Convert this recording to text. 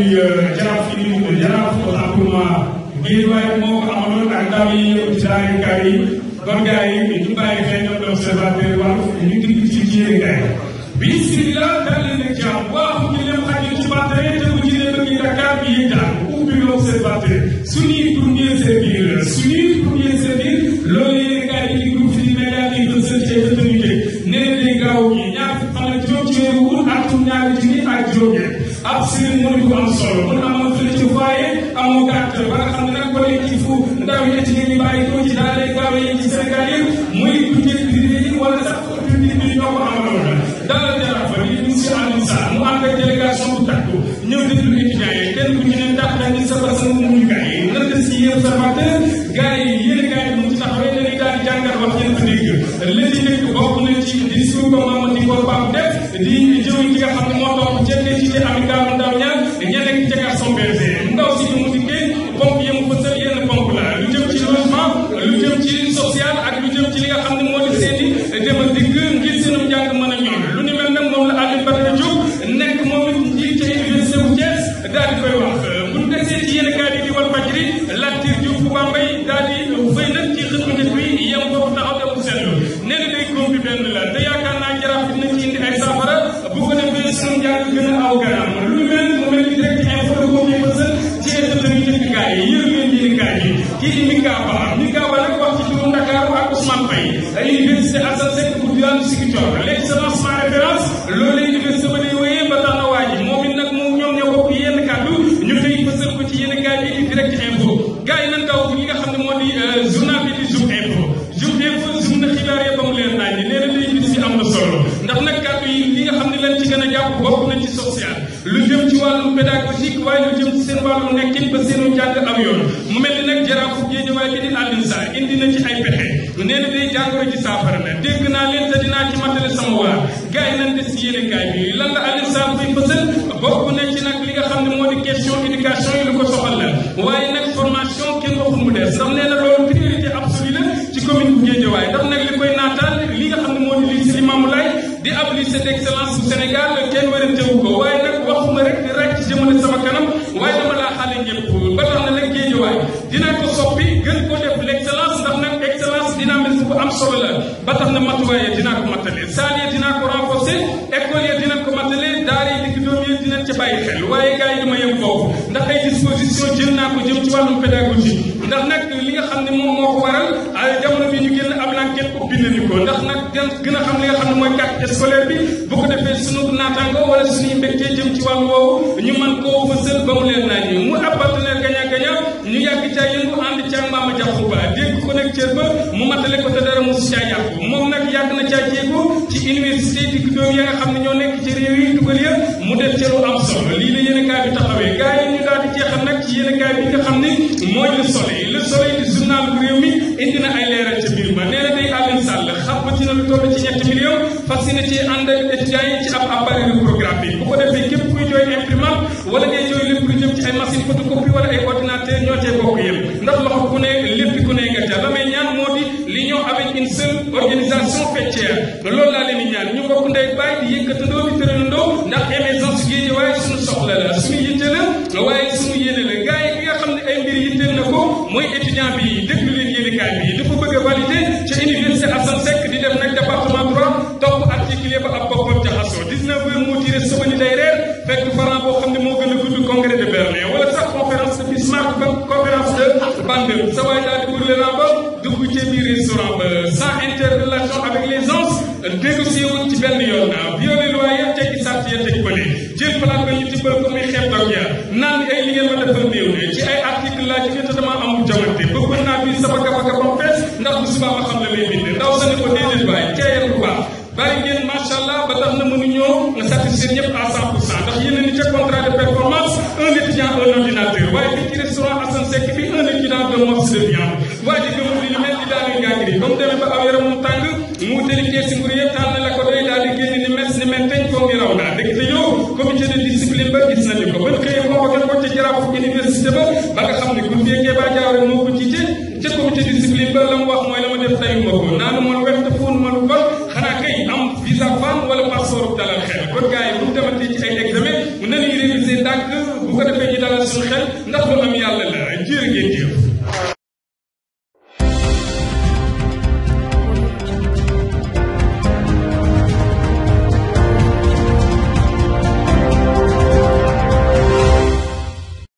muy eh, jaraaf yi ni mu mel jaraaf wala appartement Guédiawaye moo ko amaloon ak ndaw yi jaarukaay yi kon gars yi ñu bàyyi xel ñoom l'observateur wax ñu ngi ci jéegaay bisimilah dal leen jàmm waaxu ñu leen xajul ci bàttare te bu ci leen bëgg Dakar bi yéen daal ubbi l'observateur suñuy premier servir suñuy premier servir loolu yéen gars yi di groupe di média di ko seen cee fëtënité nee leen gaaw ñi ñaar fan ak juróom ci weeru ak ñaari junni ak juróom ab sëriñ mooy ku am solo mën naa am fële ci waaye amoo gàtt ba nga xam ne nag collectif ci ngeen di bàyyi ci daara yi gaaw yi ci Sénégal yëpp muy bu bu tàkku ñëw déglu étudiants yi kenn ku ñu ne ndax dañuy sa basa muy gars yi nan si observateur gars yi yéen gars yi mu ci taxawee dañuy daal di jàngal wax ngeen ko dégg la ci nekk bokk na ci discours ko maam di ko di jëwriñ bi nga xam ne moo tax jëndee ci a Ami Gaawal Ndaw ñaar ñenn ak a son PV ndaw si xam ne moo di seeti dem ak dikk ngir seen njàng mën a ñoom lu ni mel nag moom la Aliou Badara Diop nekk moom it njiit ca université bu Thiès daal di koy wax bu ñu desee ci yenn kaay bi di wal fajri Latir Diouf bu Bambey daal di fay nag ci xëtu njëkk bi yem foofu taxaw dem bu seetlu nee na day góob bi benn la kanam gën a aw kanam lu mel ni mu mel ni a info de comme ñu bësal ci ëttëb yëkkikaay yi yër ngeen yëkkikaay yi kii di Mika Ba Mika Ba nag wax ci turu Ndakaaru wàllum pédagogique waaye lu jëm ci seen wàllum nekkin ba seenu jàng am yoon mu mel ni nag jaraafu Géejawaay bi di Alioune Sarr indi na ci ay pexe nee na day jàngoro ci saafara la dégg naa leen te dinaa ci matale sama waa gars yi nañ des yéene lan la Alioune Sarr fay fësal bokk na ci nag li nga xam ne moo di question éducation yi lu ko soxal la waaye nag formation kenn waxul mu des ndax nee loolu priorité ci commune bu Géejawaay ndax nag li koy jëmale sama kanam waaye dama laa xaale ñëpp ba tax na nag Géejawaay dinaa ko soppi gën ko def l' excellence ndax nag excellence dynamisme am solo la ba tax na matale saal yi dinaa ko renforcer école matale daara yi digg doom yi dinañ xel waaye gars yi dama yem foofu ndax ay disposition jël naa ko jëm ci wàllum pédagogie ndax bind ni ko ndax nag gën a xam li nga xam ne mooy carte scolaire bi bu ko defee sunu naataango wala suñuy mbégte jëm ci wàll woowu ñu mën koo fësal ba mu leen naan ñu mu appartenir gagnant gagnant na caa jéego ci université digg doom ya nga xam ne ñoo nekk ci réew yi la yéen a kaay yi ñu daal a bu réew mi indi na ay leeral na lu toll ci ñetti million fas yéene ci ànd ak étudiants yi ci ab appareil programme bi bu ko defee képp kuy jooy imprimante wala ngay jooy lépp lu jëm ci ay machine photocopie wala ay ordinateur ñoo cee bokk yëpp ndax loxo ku ne lépp ku ne nga ca la may ñaan moo di l'union avec une seule organisation faîtière loolu laa leen ñaan ñu bokk ndey bàyyi di yëkkatandoo di tëralandoo ndax émergence géej waaye suñu soxla la suñu yitte la waaye suñu dañuy dem nag département 3 topp article ba ab boppam jaxasoo 19 heures moo tiré fekk faran boo xam ne a gudd congrès de Berlin wala sax conférence de Bismarck ba conférence de Bande sa waay daal di brûlé ba dugg ci biir restaurant avec les anses négocié wuñ ci benn yoon naa ah, violé loi ya tekki sart ya teg bële jël palaat ba ñu tibbal ko muy xeeb seen ñëpp à 100 pour cent ndax yéen ni ca contrat de performance un étudiant un ordinateur waaye bi ci restaurant Assane Seck bi un étudiant de mos de viande waa ji gëmul li ñu mel ni daal di ngaa ngi comme mu demee ba aw yaram mu tàng mu tëli kees nguur yëpp tànn la ko doy daal di génn ni mes ni menteñ ko ngi raw naa dëgg te yow comité de discipline ba gis nañu ko ban xëyee convoqué ko ca Jaraaf université ba ba nga xam ne guddi yeggee ba jaaw rek moo ko jiite ca comité de discipline ba la mu wax mooy la ma def tayu ma ko naa nu moon wet wala ma soor bu dalal xel kon gars yi bu ñu demantee ci ay examen mun nañu réviser ndànk bu ko defee ñu dalal suñu xel ndax lu am yàlla la jërë ngeen jëf